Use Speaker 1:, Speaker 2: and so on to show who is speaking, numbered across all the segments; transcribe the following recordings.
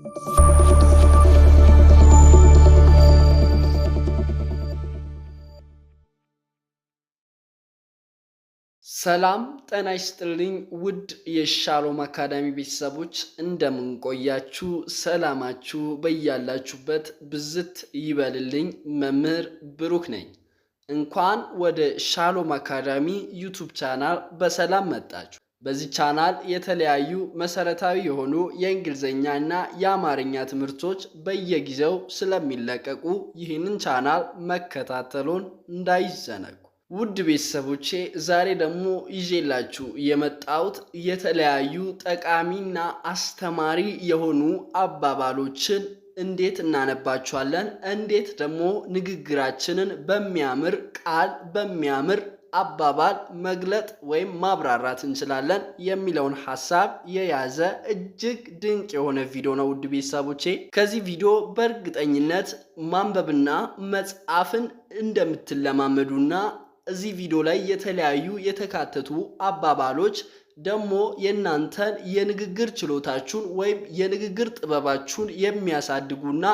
Speaker 1: ሰላም ጤና ይስጥልኝ። ውድ የሻሎም አካዳሚ ቤተሰቦች እንደምንቆያችሁ፣ ሰላማችሁ በያላችሁበት ብዝት ይበልልኝ። መምህር ብሩክ ነኝ። እንኳን ወደ ሻሎም አካዳሚ ዩቱብ ቻናል በሰላም መጣችሁ። በዚህ ቻናል የተለያዩ መሰረታዊ የሆኑ የእንግሊዝኛ እና የአማርኛ ትምህርቶች በየጊዜው ስለሚለቀቁ ይህንን ቻናል መከታተሉን እንዳይዘነጉ። ውድ ቤተሰቦቼ ዛሬ ደግሞ ይዤላችሁ የመጣሁት የተለያዩ ጠቃሚና አስተማሪ የሆኑ አባባሎችን እንዴት እናነባችኋለን እንዴት ደግሞ ንግግራችንን በሚያምር ቃል በሚያምር አባባል መግለጥ ወይም ማብራራት እንችላለን የሚለውን ሀሳብ የያዘ እጅግ ድንቅ የሆነ ቪዲዮ ነው። ውድ ቤተሰቦቼ ከዚህ ቪዲዮ በእርግጠኝነት ማንበብና መጻፍን እንደምትለማመዱና እዚህ ቪዲዮ ላይ የተለያዩ የተካተቱ አባባሎች ደግሞ የእናንተን የንግግር ችሎታችሁን ወይም የንግግር ጥበባችሁን የሚያሳድጉና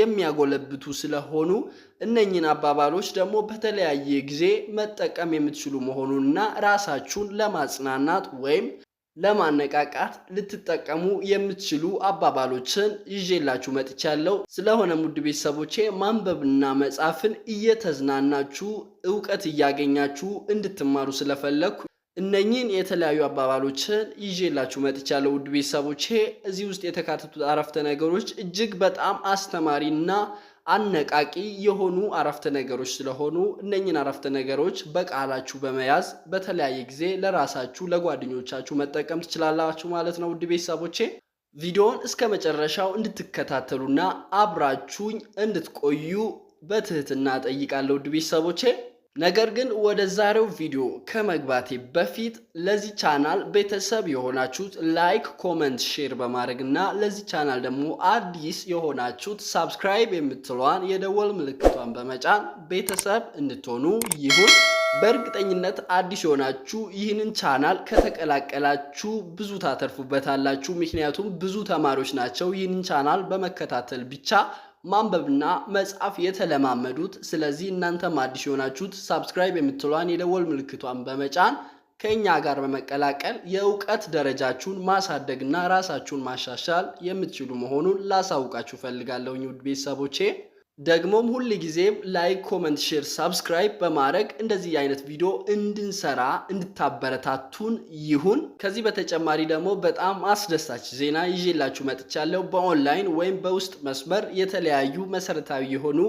Speaker 1: የሚያጎለብቱ ስለሆኑ እነኝን አባባሎች ደግሞ በተለያየ ጊዜ መጠቀም የምትችሉ መሆኑንና ራሳችሁን ለማጽናናት ወይም ለማነቃቃት ልትጠቀሙ የምትችሉ አባባሎችን ይዤላችሁ መጥቻለሁ። ስለሆነ ውድ ቤተሰቦቼ ማንበብና መጻፍን እየተዝናናችሁ እውቀት እያገኛችሁ እንድትማሩ ስለፈለግኩ እነኚህን የተለያዩ አባባሎችን ይዤላችሁ መጥቻለሁ። ውድ ቤተሰቦቼ እዚህ ውስጥ የተካተቱት አረፍተ ነገሮች እጅግ በጣም አስተማሪና አነቃቂ የሆኑ አረፍተ ነገሮች ስለሆኑ እነኝን አረፍተ ነገሮች በቃላችሁ በመያዝ በተለያየ ጊዜ ለራሳችሁ ለጓደኞቻችሁ መጠቀም ትችላላችሁ ማለት ነው። ውድ ቤተሰቦቼ ቪዲዮውን እስከ መጨረሻው እንድትከታተሉና አብራችሁኝ እንድትቆዩ በትህትና ጠይቃለሁ። ውድ ቤተሰቦቼ ነገር ግን ወደ ዛሬው ቪዲዮ ከመግባቴ በፊት ለዚህ ቻናል ቤተሰብ የሆናችሁት ላይክ፣ ኮመንት፣ ሼር በማድረግ እና ለዚህ ቻናል ደግሞ አዲስ የሆናችሁት ሳብስክራይብ የምትለዋን የደወል ምልክቷን በመጫን ቤተሰብ እንድትሆኑ ይሁን። በእርግጠኝነት አዲስ የሆናችሁ ይህንን ቻናል ከተቀላቀላችሁ ብዙ ታተርፉበታላችሁ። ምክንያቱም ብዙ ተማሪዎች ናቸው ይህንን ቻናል በመከታተል ብቻ ማንበብና መጻፍ የተለማመዱት። ስለዚህ እናንተም አዲስ የሆናችሁት ሳብስክራይብ የምትሏን የደወል ምልክቷን በመጫን ከእኛ ጋር በመቀላቀል የእውቀት ደረጃችሁን ማሳደግና ራሳችሁን ማሻሻል የምትችሉ መሆኑን ላሳውቃችሁ ፈልጋለሁ ውድ ቤተሰቦቼ። ደግሞም ሁል ጊዜም ላይክ፣ ኮመንት፣ ሼር፣ ሳብስክራይብ በማድረግ እንደዚህ አይነት ቪዲዮ እንድንሰራ እንድታበረታቱን ይሁን። ከዚህ በተጨማሪ ደግሞ በጣም አስደሳች ዜና ይዤላችሁ መጥቻለሁ። በኦንላይን ወይም በውስጥ መስመር የተለያዩ መሰረታዊ የሆኑ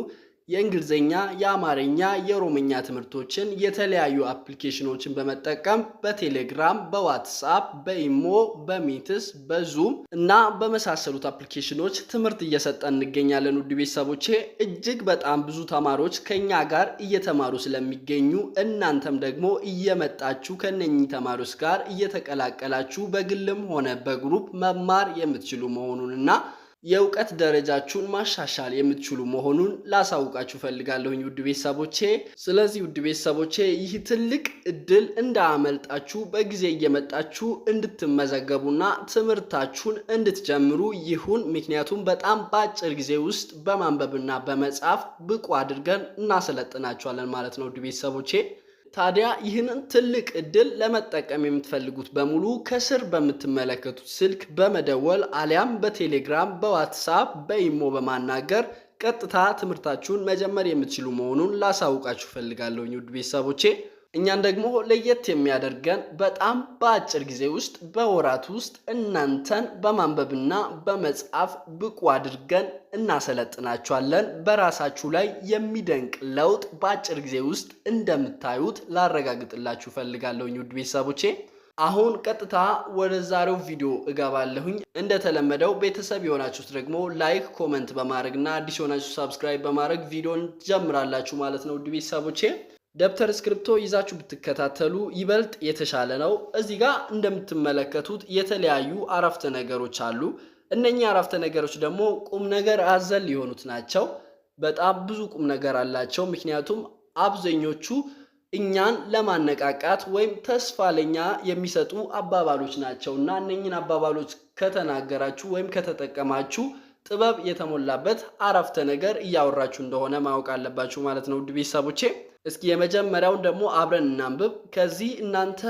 Speaker 1: የእንግሊዝኛ፣ የአማርኛ፣ የኦሮምኛ ትምህርቶችን የተለያዩ አፕሊኬሽኖችን በመጠቀም በቴሌግራም፣ በዋትስአፕ፣ በኢሞ፣ በሚትስ፣ በዙም እና በመሳሰሉት አፕሊኬሽኖች ትምህርት እየሰጠ እንገኛለን። ውድ ቤተሰቦቼ እጅግ በጣም ብዙ ተማሪዎች ከኛ ጋር እየተማሩ ስለሚገኙ እናንተም ደግሞ እየመጣችሁ ከነኚህ ተማሪዎች ጋር እየተቀላቀላችሁ በግልም ሆነ በግሩፕ መማር የምትችሉ መሆኑን እና የእውቀት ደረጃችሁን ማሻሻል የምትችሉ መሆኑን ላሳውቃችሁ ፈልጋለሁኝ ውድ ቤተሰቦቼ። ስለዚህ ውድ ቤተሰቦቼ ይህ ትልቅ እድል እንዳያመልጣችሁ በጊዜ እየመጣችሁ እንድትመዘገቡና ትምህርታችሁን እንድትጀምሩ ይሁን። ምክንያቱም በጣም በአጭር ጊዜ ውስጥ በማንበብና በመጻፍ ብቁ አድርገን እናሰለጥናችኋለን ማለት ነው ውድ ቤተሰቦቼ። ታዲያ ይህንን ትልቅ እድል ለመጠቀም የምትፈልጉት በሙሉ ከስር በምትመለከቱት ስልክ በመደወል አሊያም በቴሌግራም፣ በዋትሳፕ፣ በኢሞ በማናገር ቀጥታ ትምህርታችሁን መጀመር የምትችሉ መሆኑን ላሳውቃችሁ ፈልጋለሁኝ ውድ ቤተሰቦቼ። እኛን ደግሞ ለየት የሚያደርገን በጣም በአጭር ጊዜ ውስጥ በወራት ውስጥ እናንተን በማንበብና በመጻፍ ብቁ አድርገን እናሰለጥናችኋለን። በራሳችሁ ላይ የሚደንቅ ለውጥ በአጭር ጊዜ ውስጥ እንደምታዩት ላረጋግጥላችሁ ፈልጋለሁኝ ውድ ቤተሰቦቼ። አሁን ቀጥታ ወደ ዛሬው ቪዲዮ እገባለሁኝ። እንደተለመደው ቤተሰብ የሆናችሁት ደግሞ ላይክ፣ ኮመንት በማድረግ እና አዲስ የሆናችሁ ሳብስክራይብ በማድረግ ቪዲዮን ጀምራላችሁ ማለት ነው ውድ ቤተሰቦቼ ደብተር እስክሪብቶ ይዛችሁ ብትከታተሉ ይበልጥ የተሻለ ነው። እዚህ ጋር እንደምትመለከቱት የተለያዩ አረፍተ ነገሮች አሉ። እነኚህ አረፍተ ነገሮች ደግሞ ቁም ነገር አዘል የሆኑት ናቸው። በጣም ብዙ ቁም ነገር አላቸው። ምክንያቱም አብዛኞቹ እኛን ለማነቃቃት ወይም ተስፋ ለኛ የሚሰጡ አባባሎች ናቸው እና እነኝን አባባሎች ከተናገራችሁ ወይም ከተጠቀማችሁ ጥበብ የተሞላበት አረፍተ ነገር እያወራችሁ እንደሆነ ማወቅ አለባችሁ ማለት ነው ውድ ቤተሰቦቼ። እስኪ የመጀመሪያውን ደግሞ አብረን እናንብብ። ከዚህ እናንተ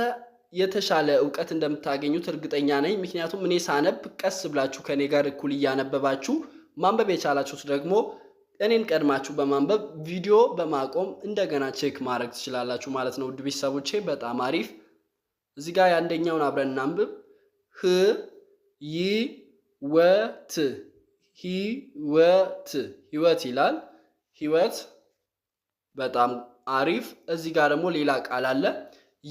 Speaker 1: የተሻለ እውቀት እንደምታገኙት እርግጠኛ ነኝ። ምክንያቱም እኔ ሳነብ ቀስ ብላችሁ ከእኔ ጋር እኩል እያነበባችሁ ማንበብ የቻላችሁት ደግሞ እኔን ቀድማችሁ በማንበብ ቪዲዮ በማቆም እንደገና ቼክ ማድረግ ትችላላችሁ ማለት ነው። ውድ ቤተሰቦቼ በጣም አሪፍ። እዚህ ጋር የአንደኛውን አብረን እናንብብ። ህ ይ ወት ህይወት፣ ህይወት ይላል። ህይወት በጣም አሪፍ። እዚህ ጋር ደግሞ ሌላ ቃል አለ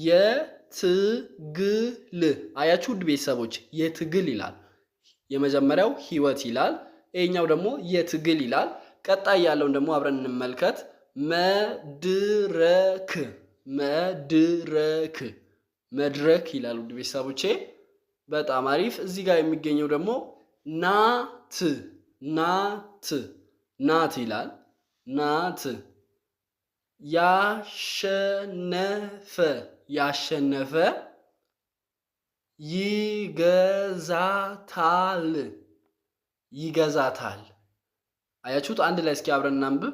Speaker 1: የትግል። አያችሁ ውድ ቤተሰቦች የትግል ይላል። የመጀመሪያው ህይወት ይላል። ይሄኛው ደግሞ የትግል ይላል። ቀጣይ ያለውን ደግሞ አብረን እንመልከት። መድረክ መድረክ መድረክ ይላል። ውድ ቤተሰቦቼ በጣም አሪፍ። እዚህ ጋር የሚገኘው ደግሞ ናት ናት ናት ይላል ናት ያሸነፈ ያሸነፈ ይገዛታል ይገዛታል። አያችሁት? አንድ ላይ እስኪ አብረን እናንብብ።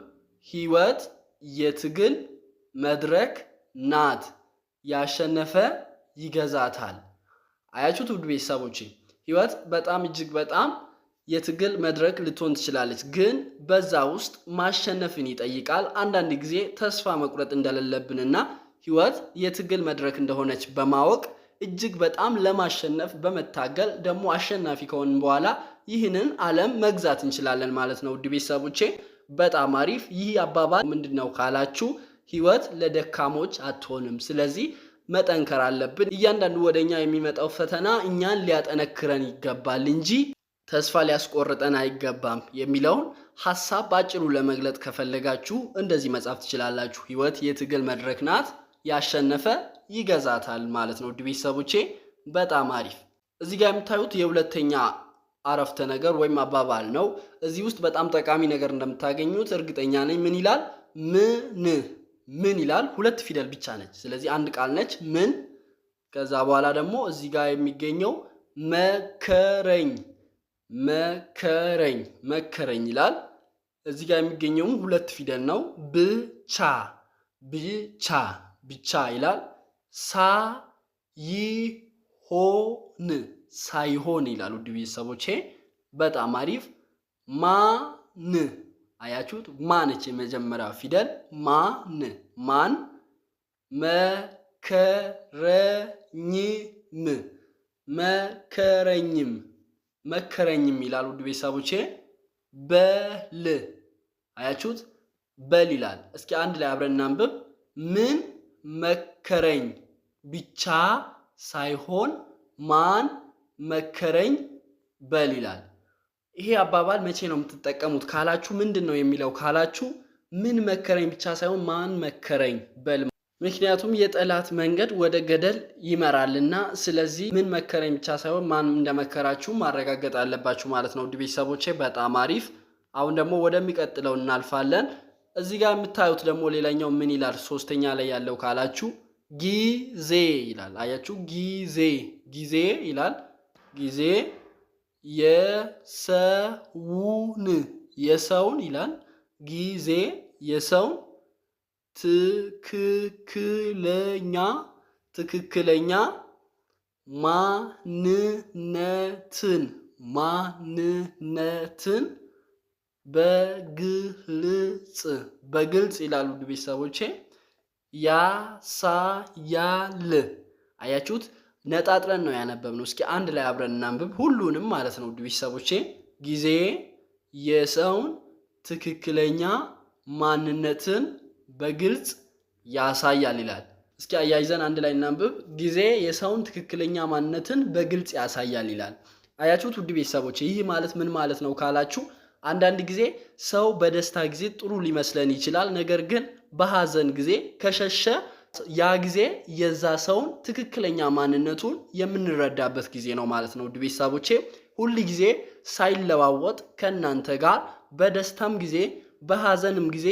Speaker 1: ህይወት የትግል መድረክ ናት፣ ያሸነፈ ይገዛታል። አያችሁት? ውድ ቤተሰቦቼ ህይወት በጣም እጅግ በጣም የትግል መድረክ ልትሆን ትችላለች፣ ግን በዛ ውስጥ ማሸነፍን ይጠይቃል። አንዳንድ ጊዜ ተስፋ መቁረጥ እንደሌለብንና ህይወት የትግል መድረክ እንደሆነች በማወቅ እጅግ በጣም ለማሸነፍ በመታገል ደግሞ አሸናፊ ከሆንን በኋላ ይህንን ዓለም መግዛት እንችላለን ማለት ነው። ውድ ቤተሰቦቼ በጣም አሪፍ። ይህ አባባል ምንድን ነው ካላችሁ፣ ህይወት ለደካሞች አትሆንም። ስለዚህ መጠንከር አለብን። እያንዳንዱ ወደኛ የሚመጣው ፈተና እኛን ሊያጠነክረን ይገባል እንጂ ተስፋ ሊያስቆርጠን አይገባም የሚለውን ሀሳብ በአጭሩ ለመግለጥ ከፈለጋችሁ እንደዚህ መጻፍ ትችላላችሁ። ህይወት የትግል መድረክ ናት፣ ያሸነፈ ይገዛታል ማለት ነው። ውድ ቤተሰቦቼ በጣም አሪፍ። እዚህ ጋር የምታዩት የሁለተኛ አረፍተ ነገር ወይም አባባል ነው። እዚህ ውስጥ በጣም ጠቃሚ ነገር እንደምታገኙት እርግጠኛ ነኝ። ምን ይላል? ምን ምን ይላል? ሁለት ፊደል ብቻ ነች። ስለዚህ አንድ ቃል ነች። ምን ከዛ በኋላ ደግሞ እዚህ ጋር የሚገኘው መከረኝ መከረኝ መከረኝ ይላል። እዚህ ጋር የሚገኘውም ሁለት ፊደል ነው። ብቻ ብቻ ብቻ ይላል። ሳይሆን ሳይሆን ይላል። ውድ ቤተሰቦቼ በጣም አሪፍ። ማን አያችሁት? ማነች የመጀመሪያ ፊደል ማን ማን መከረኝም መከረኝም መከረኝም ይላል። ውድ ቤተሰቦቼ በል አያችሁት? በል ይላል። እስኪ አንድ ላይ አብረን እናንብብ። ምን መከረኝ ብቻ ሳይሆን ማን መከረኝ በል ይላል። ይሄ አባባል መቼ ነው የምትጠቀሙት ካላችሁ፣ ምንድን ነው የሚለው ካላችሁ፣ ምን መከረኝ ብቻ ሳይሆን ማን መከረኝ በል ምክንያቱም የጠላት መንገድ ወደ ገደል ይመራልና። ስለዚህ ምን መከረኝ ብቻ ሳይሆን ማን እንደመከራችሁ ማረጋገጥ አለባችሁ ማለት ነው። ውድ ቤተሰቦቼ በጣም አሪፍ። አሁን ደግሞ ወደሚቀጥለው እናልፋለን። እዚህ ጋር የምታዩት ደግሞ ሌላኛው ምን ይላል? ሶስተኛ ላይ ያለው ካላችሁ ጊዜ ይላል። አያችሁ፣ ጊዜ ጊዜ ይላል። ጊዜ የሰውን የሰውን ይላል። ጊዜ የሰውን ትክክለኛ ትክክለኛ ማንነትን ማንነትን በግልጽ በግልጽ ይላሉ ቤተሰቦቼ ያሳያል። አያችሁት? ነጣጥለን ነው ያነበብነው። እስኪ አንድ ላይ አብረን እናንብብ ሁሉንም ማለት ነው ቤተሰቦቼ። ጊዜ የሰውን ትክክለኛ ማንነትን በግልጽ ያሳያል ይላል። እስኪ አያይዘን አንድ ላይ እናንብብ። ጊዜ የሰውን ትክክለኛ ማንነትን በግልጽ ያሳያል ይላል። አያችሁት ውድ ቤተሰቦች፣ ይህ ማለት ምን ማለት ነው ካላችሁ አንዳንድ ጊዜ ሰው በደስታ ጊዜ ጥሩ ሊመስለን ይችላል። ነገር ግን በሐዘን ጊዜ ከሸሸ ያ ጊዜ የዛ ሰውን ትክክለኛ ማንነቱን የምንረዳበት ጊዜ ነው ማለት ነው። ውድ ቤተሰቦቼ ሁል ጊዜ ሳይለዋወጥ ከእናንተ ጋር በደስታም ጊዜ በሐዘንም ጊዜ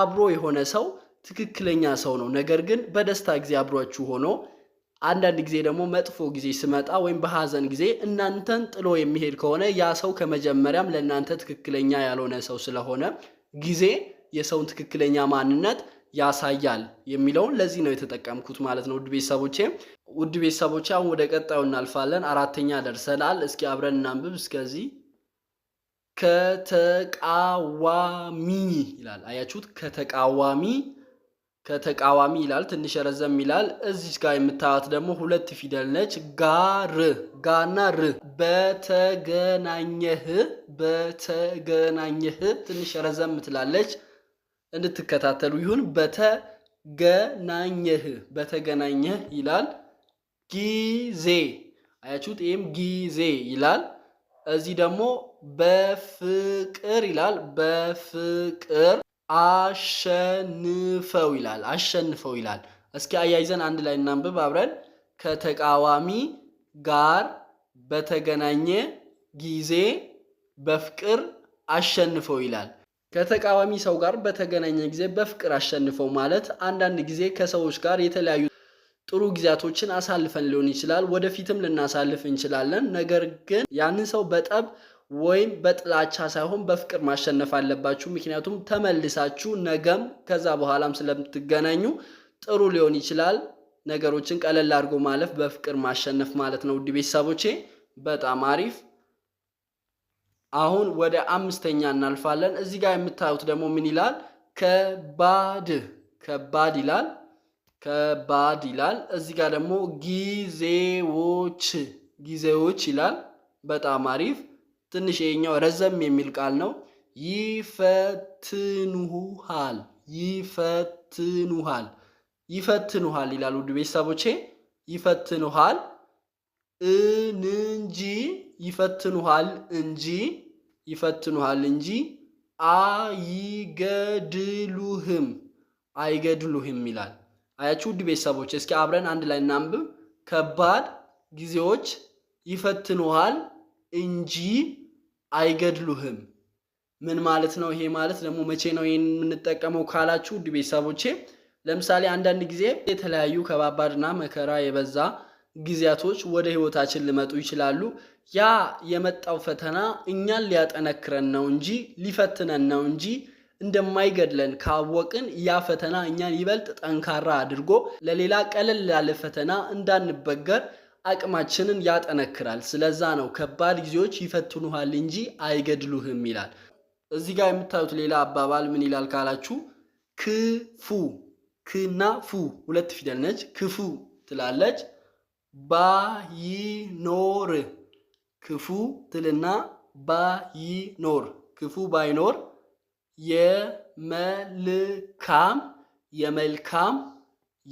Speaker 1: አብሮ የሆነ ሰው ትክክለኛ ሰው ነው። ነገር ግን በደስታ ጊዜ አብሯችሁ ሆኖ አንዳንድ ጊዜ ደግሞ መጥፎ ጊዜ ሲመጣ ወይም በሐዘን ጊዜ እናንተን ጥሎ የሚሄድ ከሆነ ያ ሰው ከመጀመሪያም ለእናንተ ትክክለኛ ያልሆነ ሰው ስለሆነ ጊዜ የሰውን ትክክለኛ ማንነት ያሳያል የሚለውን ለዚህ ነው የተጠቀምኩት ማለት ነው። ውድ ቤተሰቦቼ ውድ ቤተሰቦቼ አሁን ወደ ቀጣዩ እናልፋለን። አራተኛ ደርሰናል። እስኪ አብረን እናንብብ እስከዚህ ከተቃዋሚ ይላል። አያችሁት? ከተቃዋሚ ከተቃዋሚ ይላል። ትንሽ ረዘም ይላል። እዚች ጋር የምታዩት ደግሞ ሁለት ፊደል ነች። ጋር ጋና ር በተገናኘህ በተገናኘህ ትንሽ ረዘም ትላለች። እንድትከታተሉ ይሁን። በተገናኘህ በተገናኘህ ይላል። ጊዜ አያችሁት? ይህም ጊዜ ይላል። እዚህ ደግሞ በፍቅር ይላል። በፍቅር አሸንፈው ይላል። አሸንፈው ይላል። እስኪ አያይዘን አንድ ላይ እናንብብ አብረን። ከተቃዋሚ ጋር በተገናኘ ጊዜ በፍቅር አሸንፈው ይላል። ከተቃዋሚ ሰው ጋር በተገናኘ ጊዜ በፍቅር አሸንፈው ማለት አንዳንድ ጊዜ ከሰዎች ጋር የተለያዩ ጥሩ ጊዜያቶችን አሳልፈን ሊሆን ይችላል፣ ወደፊትም ልናሳልፍ እንችላለን። ነገር ግን ያንን ሰው በጠብ ወይም በጥላቻ ሳይሆን በፍቅር ማሸነፍ አለባችሁ። ምክንያቱም ተመልሳችሁ ነገም ከዛ በኋላም ስለምትገናኙ ጥሩ ሊሆን ይችላል። ነገሮችን ቀለል አድርጎ ማለፍ በፍቅር ማሸነፍ ማለት ነው። ውድ ቤተሰቦቼ በጣም አሪፍ። አሁን ወደ አምስተኛ እናልፋለን። እዚህ ጋር የምታዩት ደግሞ ምን ይላል? ከባድ ከባድ ይላል። ከባድ ይላል። እዚህ ጋር ደግሞ ጊዜዎች ጊዜዎች ይላል። በጣም አሪፍ። ትንሽ ይሄኛው ረዘም የሚል ቃል ነው። ይፈትኑሃል ይፈትኑሃል ይፈትኑሃል ይላል። ውድ ቤተሰቦቼ ይፈትኑሃል እንጂ ይፈትኑሃል እንጂ ይፈትኑሃል እንጂ አይገድሉህም አይገድሉህም ይላል። አያችሁ ውድ ቤተሰቦች፣ እስኪ አብረን አንድ ላይ እናንብብ። ከባድ ጊዜዎች ይፈትኑሃል እንጂ አይገድሉህም። ምን ማለት ነው? ይሄ ማለት ደግሞ መቼ ነው ይህን የምንጠቀመው ካላችሁ ውድ ቤተሰቦቼ፣ ለምሳሌ አንዳንድ ጊዜ የተለያዩ ከባባድና መከራ የበዛ ጊዜያቶች ወደ ህይወታችን ሊመጡ ይችላሉ። ያ የመጣው ፈተና እኛን ሊያጠነክረን ነው እንጂ ሊፈትነን ነው እንጂ እንደማይገድለን ካወቅን ያ ፈተና እኛን ይበልጥ ጠንካራ አድርጎ ለሌላ ቀለል ላለ ፈተና እንዳንበገር አቅማችንን ያጠነክራል። ስለዛ ነው ከባድ ጊዜዎች ይፈትኑሃል እንጂ አይገድሉህም ይላል። እዚህ ጋር የምታዩት ሌላ አባባል ምን ይላል ካላችሁ፣ ክፉ ክና ፉ ሁለት ፊደል ነች። ክፉ ትላለች ባይኖር ክፉ ትልና ባይኖር ክፉ ባይኖር የመልካም የመልካም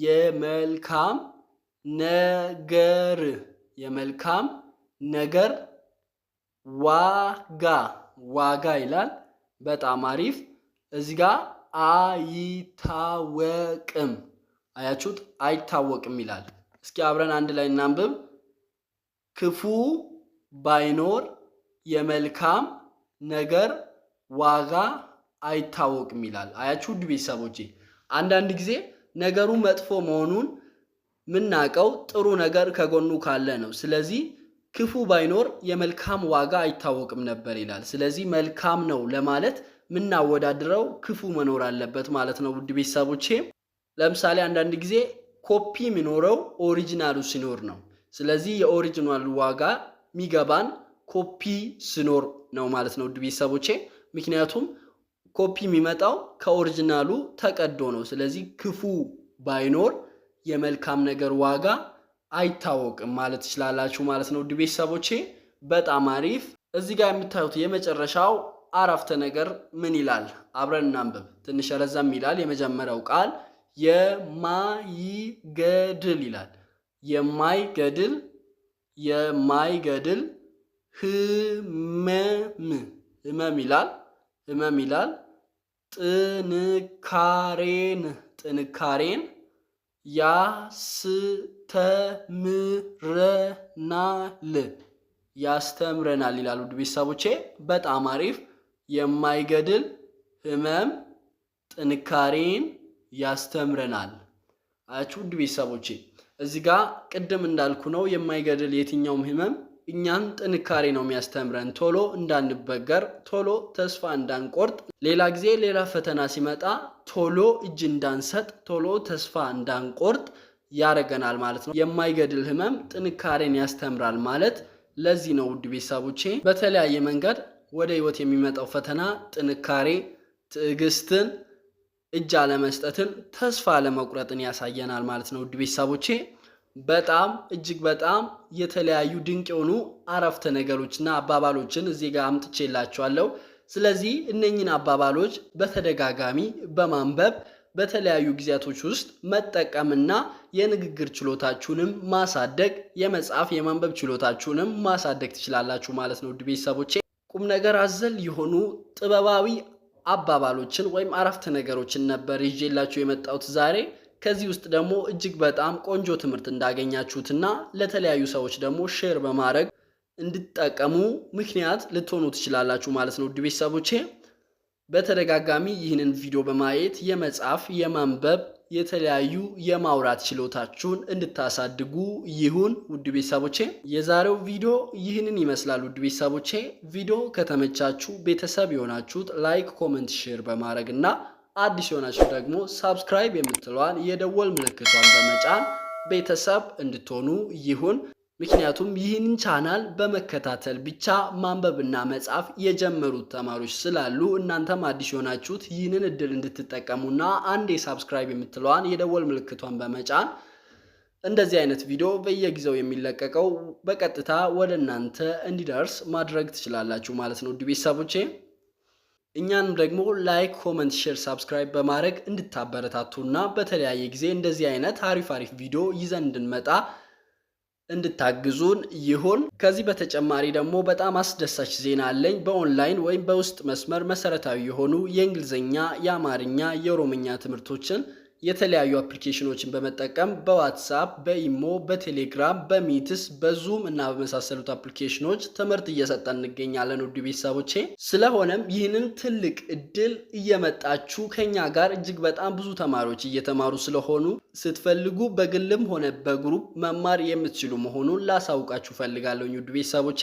Speaker 1: የመልካም ነገር የመልካም ነገር ዋጋ ዋጋ ይላል። በጣም አሪፍ። እዚህ ጋ አይታወቅም። አያችሁት? አይታወቅም ይላል። እስኪ አብረን አንድ ላይ እናንብብ። ክፉ ባይኖር የመልካም ነገር ዋጋ አይታወቅም ይላል። አያችሁ ውድ ቤተሰቦቼ፣ አንዳንድ ጊዜ ነገሩ መጥፎ መሆኑን ምናቀው ጥሩ ነገር ከጎኑ ካለ ነው። ስለዚህ ክፉ ባይኖር የመልካም ዋጋ አይታወቅም ነበር ይላል። ስለዚህ መልካም ነው ለማለት ምናወዳድረው ክፉ መኖር አለበት ማለት ነው። ውድ ቤተሰቦቼ፣ ለምሳሌ አንዳንድ ጊዜ ኮፒ የሚኖረው ኦሪጂናሉ ሲኖር ነው። ስለዚህ የኦሪጂናሉ ዋጋ የሚገባን ኮፒ ሲኖር ነው ማለት ነው ውድ ቤተሰቦቼ ምክንያቱም ኮፒ የሚመጣው ከኦሪጂናሉ ተቀዶ ነው። ስለዚህ ክፉ ባይኖር የመልካም ነገር ዋጋ አይታወቅም ማለት ትችላላችሁ ማለት ነው። ውድ ቤተሰቦቼ በጣም አሪፍ። እዚህ ጋር የምታዩት የመጨረሻው አረፍተ ነገር ምን ይላል? አብረን እናንብብ። ትንሽ ረዘም ይላል። የመጀመሪያው ቃል የማይገድል ይላል። የማይገድል የማይገድል ህመም ህመም ይላል ህመም ይላል። ጥንካሬን ጥንካሬን ያስተምረናል ያስተምረናል ይላል። ውድ ቤተሰቦቼ በጣም አሪፍ የማይገድል ህመም ጥንካሬን ያስተምረናል። አያችሁ ውድ ቤተሰቦቼ እዚህ ጋር ቅድም እንዳልኩ ነው የማይገድል የትኛውም ህመም እኛን ጥንካሬ ነው የሚያስተምረን። ቶሎ እንዳንበገር፣ ቶሎ ተስፋ እንዳንቆርጥ፣ ሌላ ጊዜ ሌላ ፈተና ሲመጣ ቶሎ እጅ እንዳንሰጥ፣ ቶሎ ተስፋ እንዳንቆርጥ ያደርገናል ማለት ነው። የማይገድል ህመም ጥንካሬን ያስተምራል ማለት ለዚህ ነው። ውድ ቤተሰቦቼ በተለያየ መንገድ ወደ ህይወት የሚመጣው ፈተና ጥንካሬ፣ ትዕግስትን፣ እጅ አለመስጠትን፣ ተስፋ አለመቁረጥን ያሳየናል ማለት ነው። ውድ ቤተሰቦቼ በጣም እጅግ በጣም የተለያዩ ድንቅ የሆኑ አረፍተ ነገሮችና አባባሎችን እዚህ ጋር አምጥቼላችኋለሁ። ስለዚህ እነኝን አባባሎች በተደጋጋሚ በማንበብ በተለያዩ ጊዜያቶች ውስጥ መጠቀምና የንግግር ችሎታችሁንም ማሳደግ የመጻፍ የማንበብ ችሎታችሁንም ማሳደግ ትችላላችሁ ማለት ነው። ውድ ቤተሰቦቼ ቁም ነገር አዘል የሆኑ ጥበባዊ አባባሎችን ወይም አረፍተ ነገሮችን ነበር ይዤላችሁ የመጣሁት ዛሬ። ከዚህ ውስጥ ደግሞ እጅግ በጣም ቆንጆ ትምህርት እንዳገኛችሁትና ለተለያዩ ሰዎች ደግሞ ሼር በማድረግ እንድትጠቀሙ ምክንያት ልትሆኑ ትችላላችሁ ማለት ነው። ውድ ቤተሰቦቼ በተደጋጋሚ ይህንን ቪዲዮ በማየት የመጻፍ የማንበብ የተለያዩ የማውራት ችሎታችሁን እንድታሳድጉ ይሁን። ውድ ቤተሰቦቼ የዛሬው ቪዲዮ ይህንን ይመስላል። ውድ ቤተሰቦቼ ቪዲዮ ከተመቻችሁ ቤተሰብ የሆናችሁት ላይክ፣ ኮመንት፣ ሼር በማድረግ እና አዲስ የሆናችሁ ደግሞ ሳብስክራይብ የምትለዋን የደወል ምልክቷን በመጫን ቤተሰብ እንድትሆኑ ይሁን። ምክንያቱም ይህንን ቻናል በመከታተል ብቻ ማንበብና መጻፍ የጀመሩት ተማሪዎች ስላሉ እናንተም አዲስ የሆናችሁት ይህንን እድል እንድትጠቀሙና አንድ የሳብስክራይብ የምትለዋን የደወል ምልክቷን በመጫን እንደዚህ አይነት ቪዲዮ በየጊዜው የሚለቀቀው በቀጥታ ወደ እናንተ እንዲደርስ ማድረግ ትችላላችሁ ማለት ነው። ውድ ቤተሰቦቼ እኛንም ደግሞ ላይክ፣ ኮመንት፣ ሼር፣ ሳብስክራይብ በማድረግ እንድታበረታቱና በተለያየ ጊዜ እንደዚህ አይነት አሪፍ አሪፍ ቪዲዮ ይዘን እንድንመጣ እንድታግዙን ይሁን። ከዚህ በተጨማሪ ደግሞ በጣም አስደሳች ዜና አለኝ። በኦንላይን ወይም በውስጥ መስመር መሰረታዊ የሆኑ የእንግሊዝኛ፣ የአማርኛ፣ የኦሮምኛ ትምህርቶችን የተለያዩ አፕሊኬሽኖችን በመጠቀም በዋትሳፕ፣ በኢሞ፣ በቴሌግራም፣ በሚትስ፣ በዙም እና በመሳሰሉት አፕሊኬሽኖች ትምህርት እየሰጠን እንገኛለን ውድ ቤተሰቦቼ። ስለሆነም ይህንን ትልቅ እድል እየመጣችሁ ከኛ ጋር እጅግ በጣም ብዙ ተማሪዎች እየተማሩ ስለሆኑ ስትፈልጉ በግልም ሆነ በግሩፕ መማር የምትችሉ መሆኑን ላሳውቃችሁ ፈልጋለሁኝ ውድ ቤተሰቦቼ።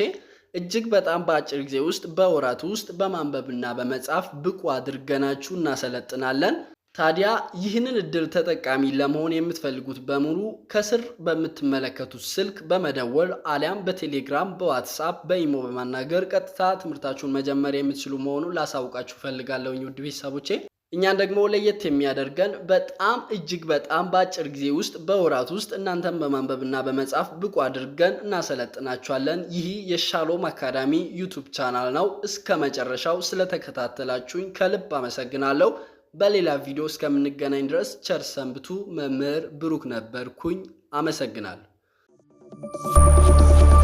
Speaker 1: እጅግ በጣም በአጭር ጊዜ ውስጥ በወራት ውስጥ በማንበብና በመጻፍ ብቁ አድርገናችሁ እናሰለጥናለን። ታዲያ ይህንን እድል ተጠቃሚ ለመሆን የምትፈልጉት በሙሉ ከስር በምትመለከቱት ስልክ በመደወል አሊያም በቴሌግራም፣ በዋትሳፕ፣ በኢሞ በማናገር ቀጥታ ትምህርታችሁን መጀመር የምትችሉ መሆኑን ላሳውቃችሁ ፈልጋለሁኝ ውድ ቤተሰቦቼ። እኛን ደግሞ ለየት የሚያደርገን በጣም እጅግ በጣም በአጭር ጊዜ ውስጥ በወራት ውስጥ እናንተን በማንበብና በመጻፍ ብቁ አድርገን እናሰለጥናችኋለን። ይህ የሻሎም አካዳሚ ዩቱብ ቻናል ነው። እስከ መጨረሻው ስለተከታተላችሁኝ ከልብ አመሰግናለሁ። በሌላ ቪዲዮ እስከምንገናኝ ድረስ ቸር ሰንብቱ። መምህር ብሩክ ነበርኩኝ። you.